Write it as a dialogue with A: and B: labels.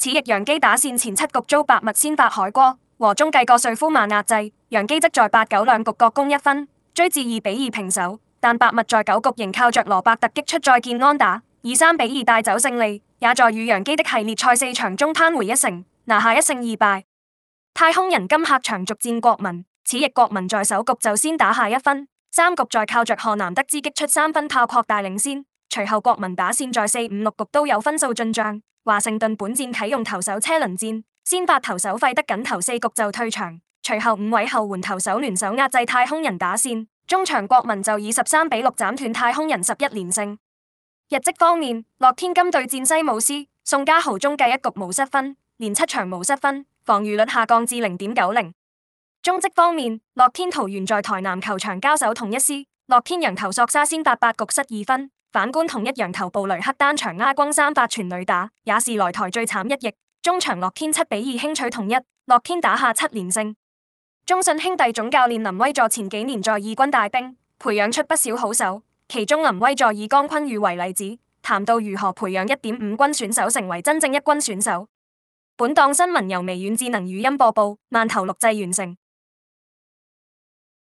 A: 此役洋基打線前七局遭白襪先發海哥和中繼個稅夫曼壓制，洋基則在八九兩局各攻一分，追至二比二平手。但白襪在九局仍靠着羅伯特擊出再見安打，以三比二帶走勝利，也在與洋基的系列賽四場中攤回一城，拿下一勝二敗。太空人今客場逐戰國民，此役國民在首局就先打下一分，三局再靠着赫南德茲擊出三分炮擴大領先。隨後國民打線在四五六局都有分數進賬，華盛頓本戰啟用投手車輪戰，先發投手費德僅投四局就退場，隨後五位後援投手聯手壓制太空人打線，中場國民就以十三比六斬斷太空人十一連勝。日職方面，樂天金對戰西武獅，宋家豪中繼一局無失分，連七場無失分，防禦率下降至零點九零。中職方面，樂天桃猿在台南球場交手統一獅，樂天洋投索沙先發八局失二分。反觀統一楊頭布雷克單場亞軍三發全壘打，也是來台最慘一役。中場樂天七比二輕取統一，樂天打下七連勝。中信兄弟總教練林威助前幾年在二軍帶兵，培養出不少好手，其中林威助以江坤宇為例子，談到如何培養一點五軍選手成為真正一軍選手。本檔新聞由微軟智能語音播報，慢頭錄製完成。